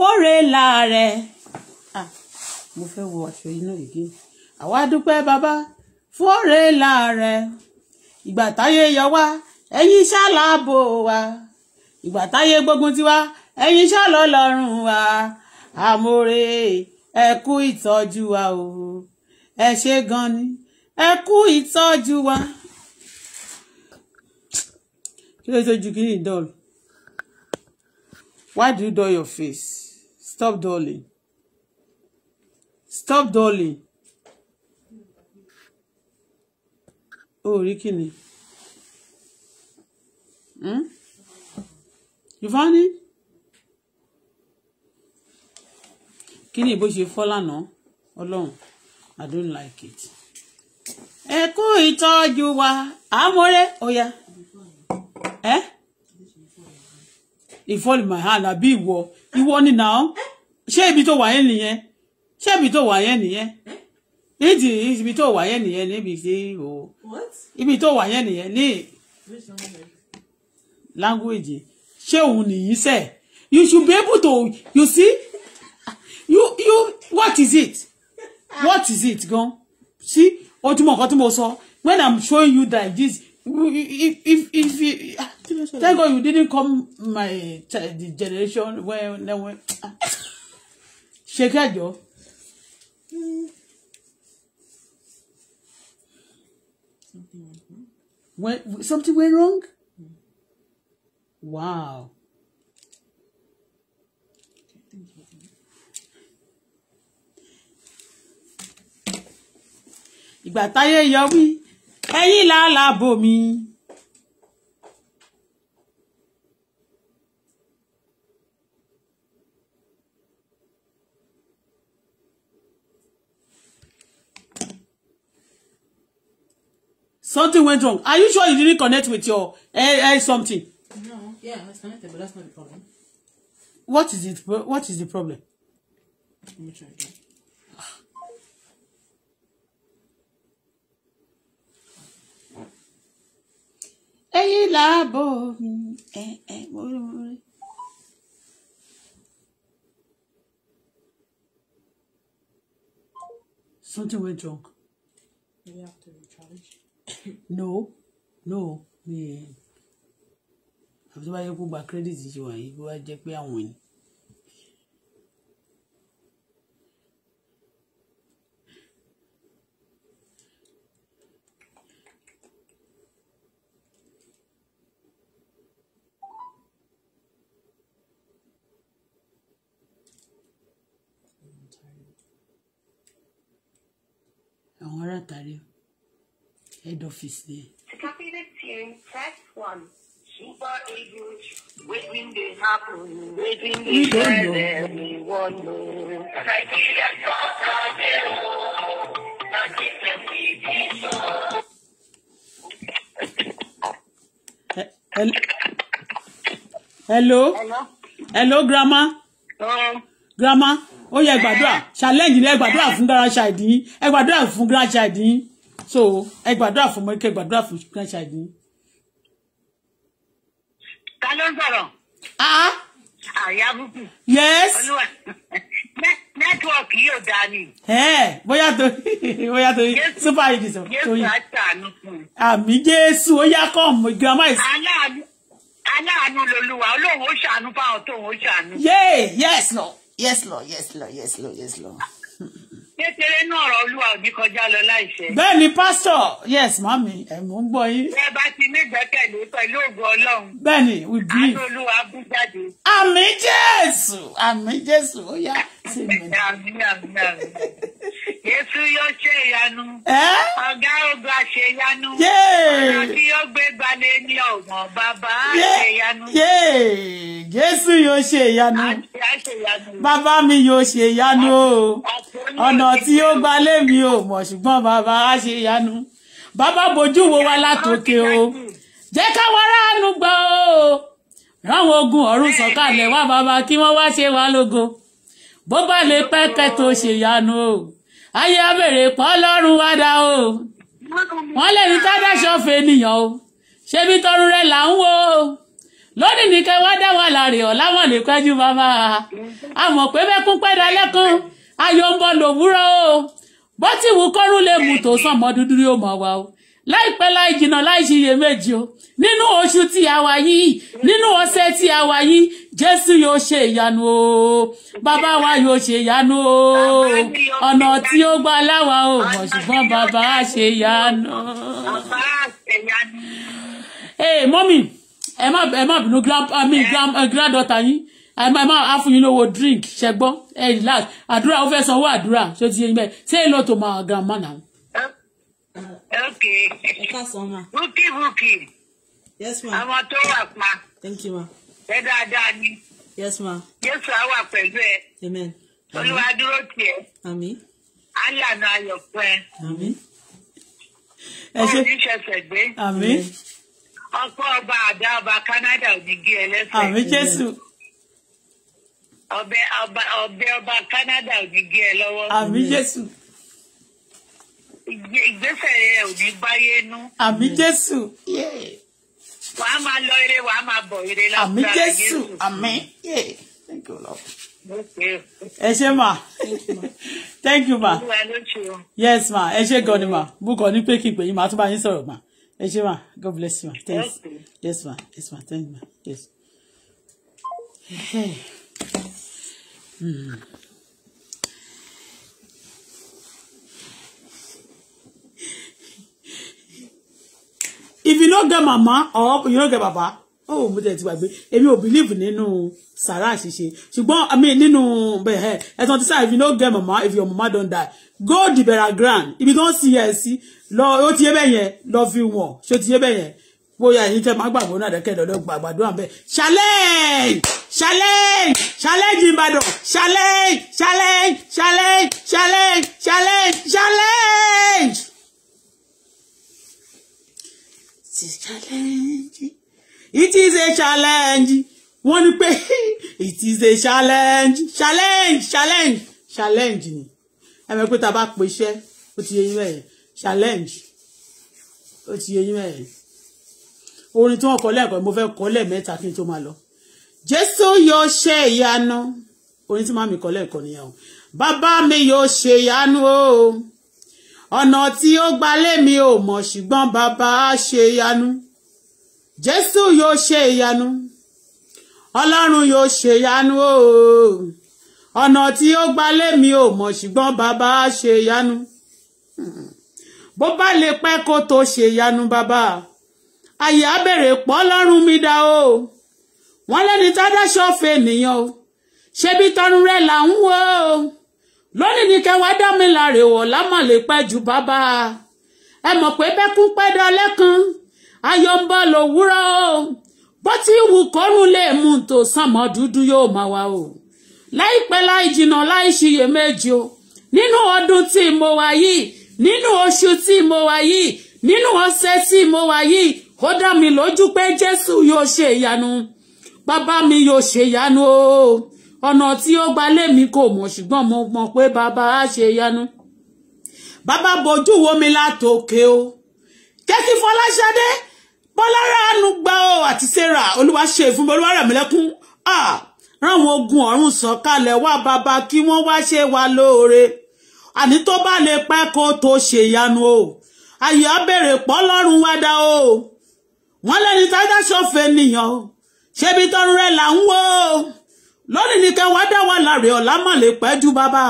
fóore láàrẹ. Ah, mo fẹ́ wọ aṣọ iná ìgé àwa dúpẹ́ bàbá fóore láàrẹ ìgbà táyé yọ wá ẹ̀yin ṣàlàbò wa ìgbà táyé gbógun tiwa ẹ̀yin ṣàlọ́lọ́run wa àmórè ẹ kú ìtọ́jú wa o ẹ ṣe gan ni ẹ kú ìtọ́jú wa. kí ló ṣe ju kí ni dọ́ọ̀lù why do you dull your face. Stop dolly. Stop dolly. Oh, Rikini. Hmm? You found it? Kí ni ìbò ṣe fọ́ lánàá? I don't like it. Ẹ kú wa, àmọ́rẹ́, ó Eh? it fall in my hand àbí ìwọ ìwọ ni nà ọ ṣé ibi tó wà yẹn nìyẹn ṣé ibi tó wà yẹn nìyẹn nídìí ibi tó wà yẹn nìyẹn níbi tí o ibi tó wà yẹn nìyẹn ní language ṣé òun nìyí sẹ you should be able to you see you you what is it what is it gan see ojúmọ̀ nǹkan tí mo so? when i'm showing you that this if if if. if ló Thank God you didn't come my the generation when when when ṣe kẹjọ. When something went wrong. Wow. Ìgbà táyé yọ wí, ẹ̀yin làálàá bò mí. Something went wrong. Are you sure you didn't connect with your uh, uh, something? No, yeah, it's connected, but that's not the problem. What is it? What is the problem? Let me try again. ẹ̀yin làbọ̀ eh, Something went wrong. You have to no no mi àfi tó bá yẹ kó gba credit ṣe wà yìí bó bá jẹ́ pé àwọn ni. àwọn ará tàrí o head office there. To copy the tune, press 1. Super Eagles, waiting to happen, waiting to tell everyone. Nigeria's got Hello. Hello. Hello, Grandma. Grandma, ó yẹ gbàdúrà challenge ni ẹ gbàdúrà fún grandchild ID. ẹ gbàdúrà fún grandchild yín so ẹ gbàdúrà fún ọmọ ike gbàdúrà fún grandchild yín. ta ló ń sọ̀rọ̀. àyà bùkù. yes. olúwa nẹ́tíwọ̀kì yóò dá ni. bóyá tó bóyá tó super igi sọ. jésù àtàánú fún un. àmì jésù ó yá kọ́ ọ̀mọ̀ girama ìsìn. aláàánú aláàánú lolúwa olóhùn ó ṣàánú fáwọn tóhùn ó ṣàánú. yéè yes lọ yes lọ yes lọ yes lọ kékeré náà ọ̀rọ̀ olúwa òbí kọjá lọ láìṣẹ́. bẹ́ẹ̀ ni pásítọ̀ yes mami ẹ̀ mò ń gbọ́ yín. ẹ bá ti ní ìgbẹ́kẹ̀lé pẹ̀lú ògo ọlọ́run. bẹ́ẹ̀ ni we believe. àti olúwa bú jáde. àmì jésù àmì jésù ó yá sí mi. àmì àmì àmì. Jésù yóò ṣe ìyanu. ọ̀gá ogun àṣẹ ìyanu. ọ̀nà tí yóò gbé gbalẹ̀ ní ọ̀gbọ̀n bàbá àṣẹ ìyanu. Jésù yóò ṣe ìyanu. bàbá mi yóò ṣe ìyanu ọ̀nà tí ó gba lémi ò mọ̀ ṣùgbọ́n bàbá á ṣe ìyanu bàbá bojú wo wa látòkè o jẹ́ káwọn aráàlú gbọ́ o ráwọn ogun ọ̀run sọ̀kalẹ̀ wá bàbá kí wọ́n wá ṣe wá lógo bó bá lè pẹ́ kẹ́tọ́ ṣèyanu o ayé abèrè pọ́ lọ́rùn wá dá o wọ́n lè ní tádàṣọ fènìyàn o ṣebí tọrun rẹ̀ là ń wo o lónìí nìkan wá dá wà láre ọ̀ láwọn lè pẹ́jú bàbá a mọ̀ pé bẹ́ẹ̀ kún pẹ́ dalẹ́kùn ayọ̀ ń bọ̀ lòwúrọ̀ o bó ti wù kọ́rùn lè mú tó sàn mọ́ dúdú yóò mọ̀ wá o láìpẹ́ láì jìnnà láì ṣiyèméjì o nínú oṣù tí a wà yìí nínú ọ̀sẹ̀ tí a wà yìí jésù yóò ṣe ìyanu o bàbá wa yóò ṣe ìyanu o ọ̀nà tí ó gba láwa o mọ̀ ṣùgbọ́n bàbá ṣe ìyanu. ee mọ́mì ẹ má bínú grand eh, daughter yín and my mom á fún yín lówó drink ṣẹgbọ́ ẹ relax àdúrà ó fẹ́ sanwó àdúrà ṣé o ti yé yín bẹ́ẹ̀ say hello to my grandma now. Ah, okay wúkì wúkì àwọn tó wà pa ẹ dáadáa ni Jésù á wà pẹ̀lú ẹ Olúwa dúró tiẹ̀ alànà ayọ̀ pẹ́ ó ní ṣẹ̀ṣẹ̀ gbé ọkọ ọba àdá ọba Canada ò ní gé ẹ lẹ́sẹ̀. àmín Jésù ọbẹ ọba ọbẹ ọba Canada ò ní gé ẹ lọ́wọ́. àmì Jésù. ìgbésẹ̀ rẹ ò ní báyé nú. àmì Jésù. wàá máa lọ ire wàá máa bọ̀ ire lọ́sọ̀rọ̀ àmì Jésù àmì. thank you lord. ẹ ṣé ma thank you ma yes ma ẹ ṣé gan ni ma mo kàn ní pé kí n pè yín ma tún bá yín sọ̀rọ̀ ma ẹ ṣé ma god bless you ma thanks yes ma yes ma thank you ma yes. Hey if you no get mama or you no get papa, oh mo tẹ̀ ti gbàgbé èmi ò believe nínú sàrà àṣìṣe ṣùgbọ́n i mean nínú bẹ̀hẹ̀ ẹ̀sán ti say, if you no get mama if your mama don die go the burial ground ibi tó ń sin yẹn sí lọ ó ti yé bẹ́ẹ̀ yẹn lọ fi wọ̀n ṣó ti yé bẹ́ẹ̀ bóyá ẹ̀yin tẹ́ máa gbàgbọ́ náà dẹ́kẹ́ lọ́dọ̀ gbàgbàdo àbẹ́ challenge challenge challenge ìbàdàn challenge challenge challenge challenge challenge challenge. It is challenge it is a challenge wọ́n ní it is a challenge challenge challenge challenge ni ẹ mọ̀ pé tá a bá pèsè ó ti yẹ challenge ó ti yẹ yín orin tí wọ́n kọ lẹ́ẹ̀kan mo fẹ́ kọ lẹ́ẹ̀mẹ́ta kí n tó máa lọ jésù yóò ṣe ìyanu orin tí màmí kọ lẹ́ẹ̀kan nìyẹn o bàbá mi yóò ṣe ìyanu o ọ̀nà tí ó gba lémi ò mọ̀ ṣùgbọ́n bàbá ṣe ìyanu jésù yóò ṣe ìyanu ọlọ́run yóò ṣe ìyanu o ọ̀nà tí ó gba lémi ò mọ̀ ṣùgbọ́n bàbá ṣe ìyanu hmm. bó bá lè pẹ́ kó tó ṣe ìyanu bàbá àyà bèrè pọ́ lọ́rùn mi dá o wọ́n lẹ́ni tádáṣọ́ fẹ́ ènìyàn o ṣebí tọrun rẹ̀ là ń wò ó lónìí ní kẹwàá dá mi láre wọ̀ lámàlẹ́ pẹ́ ju bàbá ẹ mọ̀ pé bẹ́kún pẹ́ dalẹ́ kan ayọ̀ ń bọ̀ lówùúrọ̀ o bó ti wù kórun lè mú tó sànmọ́ dúdú yóò máa wà o láìpẹ́ láì jìnnà láì ṣiyèméjì o nínú ọdún tí mo wà yìí nínú oṣù tí mo wà yìí nínú ọ̀sẹ̀ tí mo wà yìí ó dá mi lójú pé jésù yóò ṣe ìyanu bàbá mi yóò ṣe ìyanu o ọ̀nà tí ó gba lémi kò mọ̀ ṣùgbọ́n mo mọ̀ pé bàbá á ṣe ìyanu bàbá bojú wo mi látòkè o jẹ́ kí fọláṣadé bọ́láràánú gbà o àti sarah olúwa ṣe fún mi olúwa rẹ̀ mí lẹ́kún ráwọn ogun ọ̀run sọ̀kalẹ̀ wá bàbá kí wọ́n wá ṣe wa lóore àní tó bá lè pẹ́ kó tó ṣèyanu o ayọ̀ abèrè pọ́ lọ́rùn wá dá o wọ́n lẹ́ni táyídá ṣọ́fẹ́ nìyàn o ṣebi tó rẹ̀ là ń wò ó lónìí ní kẹwàá dá wà láre ọ̀la mà lè pẹ́ ju bàbá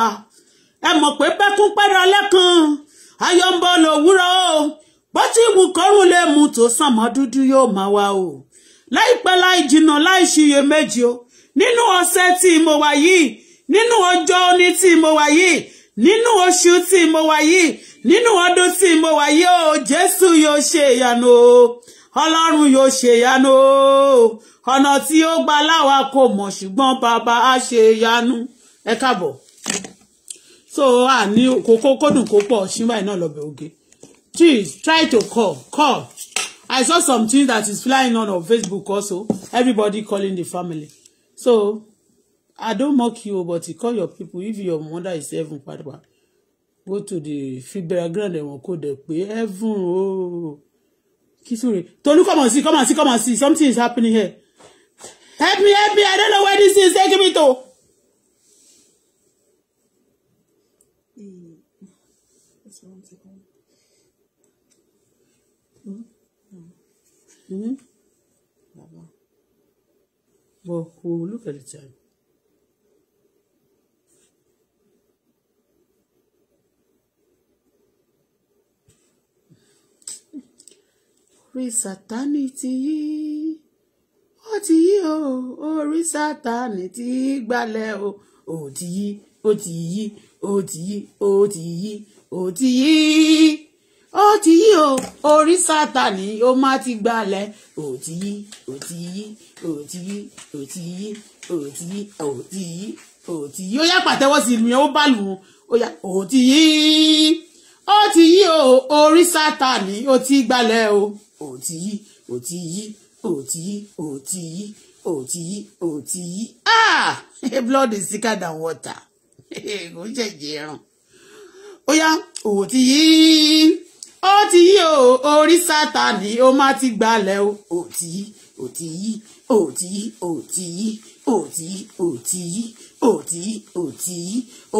ẹ mọ̀ pé pẹ́kún pẹ́ra lẹ́kan ayọ̀ ń bọ̀ lòwúrọ̀ o bó ti wù kọ́rùn lè mú tó sàn mọ́ dúdú yóò máa wá o láìpẹ́ láì jìnnà láì ṣiyèméjì o nínú ọ̀sẹ̀ tí mo wà yìí nínú ọjọ́ òní tí mo wà yìí nínú oṣù tí mo wà yìí nínú ọdún tí mo wà yìí o Jésù yóò ṣe ìyanu o ọlọ́run yóò ṣe ìyanu ọ̀nà tí ó gba láwa kò mọ̀ ṣùgbọ́n bàbá á ṣe ìyanu ẹ káàbọ̀ so a ní kókó kódùn kó pọ̀ náà lọ́bẹ̀ oge please try to call call I saw something that is flying on our Facebook also everybody calling the family so I don't mock you but you call your people if your mother is heaven padà go to the fibra ground ẹ̀wọ̀n kò dẹ̀ pé heaven ooo. Oh. Kisuri, Tolu, come on see, come on see, come on see. Something is happening here. Help me, help me. I don't know where this is taking me to. Mm-hmm. mm-hmm. Well, we'll look at the time. orí sátánì ti yí ó ti yí o orí sátánì ti gbalẹ̀ o ó ti yí ó ti yí ó ti yí ó ti yí ó ti yí ó ti yí o orí sátánì ó má ti gbalẹ̀ ó ti yí ó ti yí ó ti yí ó ti yí ó ti yí ó ti yí ó ti yí ó yá pàtẹ́wọ́ mi ó bá lù ú ó yá ó ti yí ó ti yí o orí sátani ó ti gbalẹ̀ o ó ti yí ó ti yí ó ti yí ó ti yí ó ti yí ó ti yí ah blood is thicker than water kò jẹ̀jẹ̀ ẹran ó yá ó ti yí ó ti yí o orí sátani ó má ti gbalẹ̀ o ó ti yí ó ti yí ó ti yí ó ti yí ó ti yí ó ti yí ó ti yí ó ti yí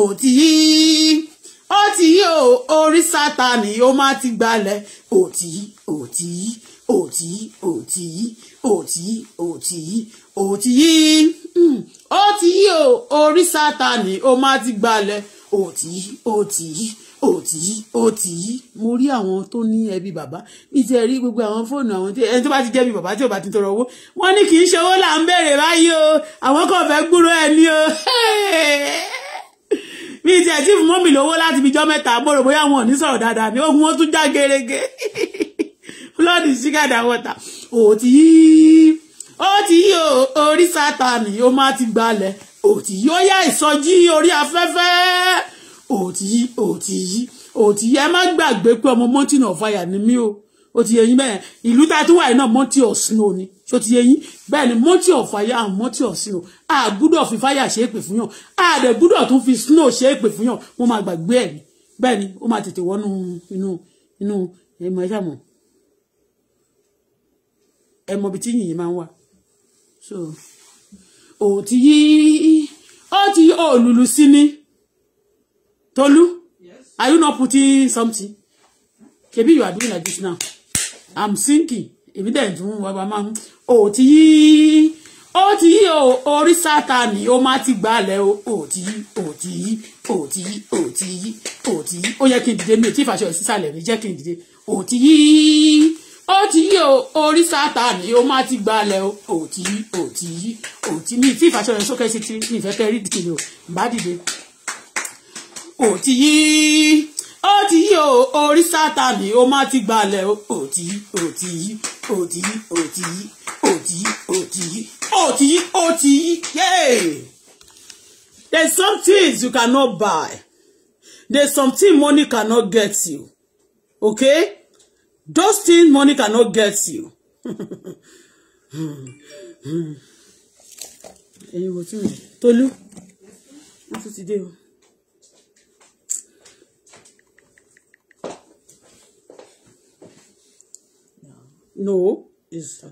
ó ti yí ó ti yí o orí sátani ó má ti gbalẹ̀ òtí òtí òtí òtí òtí òtí òtí ó ti yí o orí sátani ó má ti gbalẹ̀ òtí òtí òtí òtí mo rí àwọn tó ní ẹbí bàbá mi ti rí gbogbo àwọn fóònù àwọn tí ẹni tó bá ti jẹ́ bí bàbá tí ò bá ti tọrọ owó wọ́n ní kì í ṣe owó là ń béèrè báyìí o àwọn kan fẹ́ gbúrò ẹni o mi ti ẹ̀ tí fún mọ́mì lówó láti fi jọ́ mẹ́ta bọ́rọ̀ bóyá wọn ò ní sọ̀rọ̀ dáadáa ni ogun wọn tún já gerege blood is sugar than water ò ti yí ó ti yí orí sátani ó máa ti gbalẹ̀ ò ti yí ó yá ìsọjí orí afẹ́fẹ́ ò ti yí ò ti yí ò ti yí ẹ má gbàgbé pé ọmọ mountain of fire ni mí o ó ti yé yín bẹ́ẹ̀ ìlú tá a tún wà yìí náà mountain of snow ni ṣó ti yé bẹ́ẹ̀ ni mountain of fire and mountain of fi fire ṣe é pè fún yàn àdẹ̀ gbúdọ̀ tún fi slow ṣe é pè fún yàn wọ́n máa gbàgbé ẹ̀ bẹ́ẹ̀ ni ó máa tètè wọnú inú inú ẹ̀mọ ẹ̀ṣà ẹ̀mọ ibi tí yìnyín máa ń wà so òtí yí ó ti yí òlùlù sí ní Tolú are you not putting something kebi you are doing like this now i'm sinking. èmi dẹ̀ dùn wàá máa ń òtí yí ó ti yí o orí sátani ó má ti gbalẹ̀ o ò ti yí ò ti yí ò ti yí ò ti yí ò ti yí ó yẹ kí n dìde mi ò tí fàṣọ ìsísàlẹ̀ mi jẹ́ kí n dìde ò ti yí ó ti yí o orí sátani ó má ti gbalẹ̀ o ò ti yí ò ti yí ò ti mi tí ìfàṣọ yẹn sókè sí ti mi ìfẹ́ kẹ́ rí dìde o bá dìde ò ti yí ó ti yí o orí sátani ó má ti gbalẹ̀ o ò ti yí ò ti yí ò ti yí ò ti yí ò ti yí ó oh, ti yí ó oh, ti yí yay there's some things you cannot buy there's something money cannot get you okay those things money cannot get you Hey, wo tún Tolú wọn tún ti dé o. No, is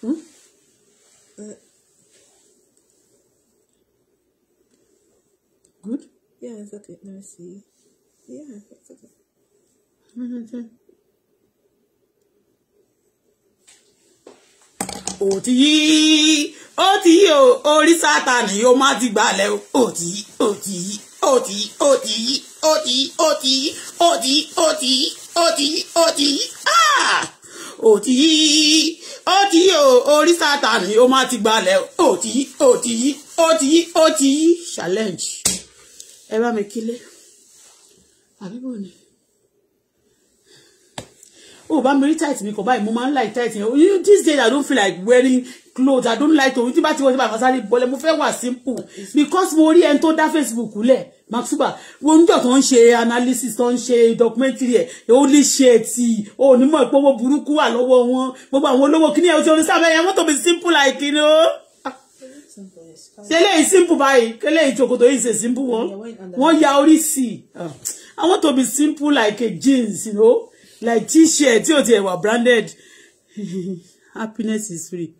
Hmm? Uh, good? Yeah, it's okay. Let me see. Yeah, it's okay. ó ti yí ó ti yí o orí sátani yóò má ti gbalẹ̀ o ó ti yí ó ti yí ó ti yí ó ti yí ó ó ti yí o orí sátani ó máa ti gbalẹ̀ ó ti yí ó ti yí ó ti yí ó ti yí challenge ẹ bá mi kílé àbíbò ni. Oh, bá mi rí tight mi kò báyìí mo máa ń like tight yẹn you this day i don't feel like wearing clothes i don't like to tí bá ti wọ́n ti bá fasáré bọ́lẹ̀ mo fẹ́ wà simple because mo rí ẹni tó dá facebook le, Mark Zuckerberg wọn níjọ́ tó ń ṣe analysis tó ń ṣe documentary ẹ̀ ó lè ṣe ti onímọ̀ ìpowó burúkú wà lọ́wọ́ wọn gbogbo àwọn olówó kíní ẹ̀ ó ti orin sábẹ́ yẹn wọ́n tó be simple like you know ah. eléyìí simple báyìí eléyìí ìjòkòtò yìí ṣe simple wọn wọn ya orí sí i ah. i want to be simple like a jeans you know like t-shirt tí o ti ẹ̀wà branded happiness is free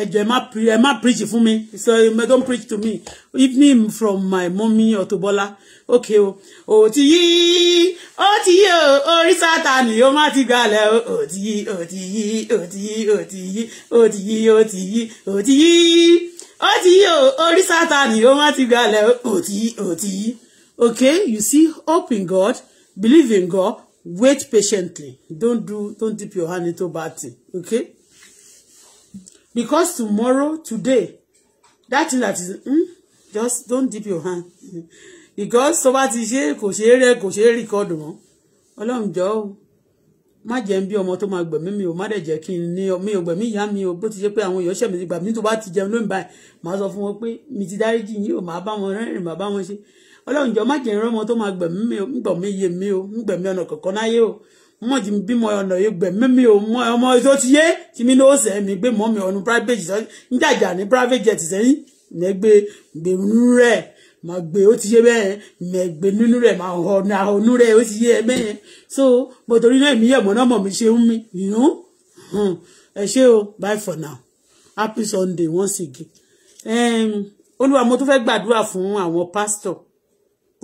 ẹjọ ẹ má ẹ má preach fún mi so you don preach to me evening from my mummy Auto-Bola okay o ò ti yí ó ti yí o orí sátani ó má ti gbalẹ̀ o ò ti yí ò ti yí ò ti yí ò ti yí ò ti yí ò ti yí ò ti yí ó ti yí o orí sátani ó má ti gbalẹ̀ o ò ti yí ò ti yí okay you see hope in God believe in God wait patiently don't do don't dip your hand into bad thing okay because tomorrow today that thing that is mm, just don't dip your hand because tó bá ti ṣe kò ṣe é rẹ kò ṣe é rìkọdù mọ́ Ọlọ́run jọ o má jẹ́ ń bí ọmọ tó máa gbẹ̀mí mi ò má dẹ̀ jẹ́ kí n ní mi ò gbẹ̀mí ìyá mi ò bó ti jẹ́ pé àwọn èèyàn ṣẹ̀mí ti gbà mí tó bá ti jẹun lónìí báyìí màá sọ fún wọn pé mi ti dáríjì yìí ò máa bá wọn rẹ́rìn màá bá wọn ṣe ọlọ́run jọ má jẹ́ ìrànmọ tó máa gbẹ̀mí mi gbọ̀mí iye mi o ń gbẹ̀mí ọ̀nà kankan láyé o mọ̀ ti bímọ ọ̀nà yìí gbẹ̀mí mi o mọ ọmọ tó ti yé tí mi lówó sẹ́yìn mi gbé mọ́ mi ọ̀nù private jet ń jàjà ní private jet sẹ́yìn ìyẹn gbé gbèrú rẹ̀ máa gbé ó ti yé bẹ́ẹ̀ ìyẹn gbé nínú rẹ̀ máa ọ̀nà ọ̀nù rẹ̀ ó ti yé bẹ́ẹ̀ so bó torí náà èmi yẹ̀mọ́ náà mọ̀ mi ṣe ń mi ìnú ẹ ṣé o bye for now happy sunday once again Um. mo tún fẹ́ gbàdúrà fún àwọn pásítọ̀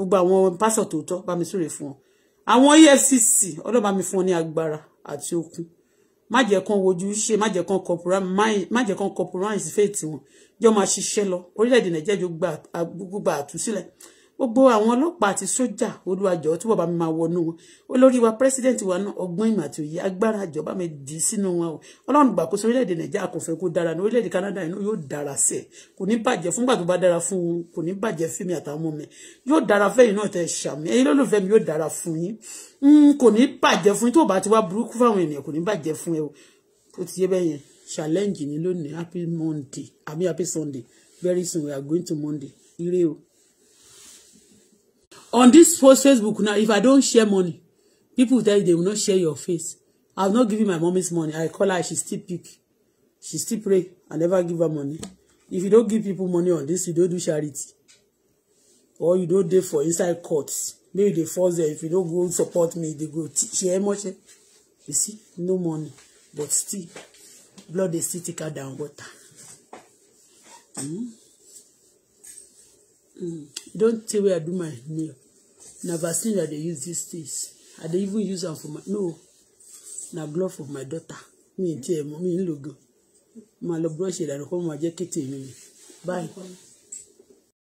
gbogbo àwọn pásọ̀ tòótọ́ bá mi súre fún wọn àwọn EFCC ọlọ́run bá mi fún wọn ní agbára àti okun má jẹ́ kán wojú ṣe má jẹ́ kán má jẹ́ kán corporate faith wọn jọ máa ṣiṣẹ́ lọ orílẹ̀-èdè nàìjíríà gbogbo àtúnṣílẹ̀ gbogbo àwọn ọlọ́pàá àti sójà olùwàjọ tí wọ́n bá mi máa wọnú wọn olórí wa pírẹsidẹ́ǹtì wa náà ọgbọ́n ìmọ̀ àti òye agbára àjọba mi dì í sínú wọn o ọlọ́run gbà kó sọ orílẹ̀-èdè nàìjíríà kò fẹ́ kó dára ní orílẹ̀-èdè canada inú yóò dára sẹ̀ kò ní bàjẹ́ fúngbà tó bá dára fún un kò ní bàjẹ́ fún mi àtàwọn ọmọ mi yóò dára fẹ́yìn náà tẹ ṣàmì ẹ̀yin lólùfẹ́ mi yóò dára fún yín hmm, kò ní bàjẹ́ fún yín tó challenge ni lónìí happy monday àbí happy sunday very soon we are going to monday ire on this post facebook now if i don share money people tell you they will not share your face i have not given my mommy's money i call her she still pick she still pray i never give her money if you don't give people money on this you don't do charity or you don't dey for inside court maybe dey force them if you don't go support me they go share much you see no money but still blood dey still take her down water. Mm-hmm. Mm. Don't tell where I do my nail. Na vaccine that they use these things. I don't even use them for my no. Na glove for my daughter. Me n tiẹ̀ mọ̀ mi My little gan. Màá lọ brush ìdàrú kó máa jẹ́ kété mi. Báyìí.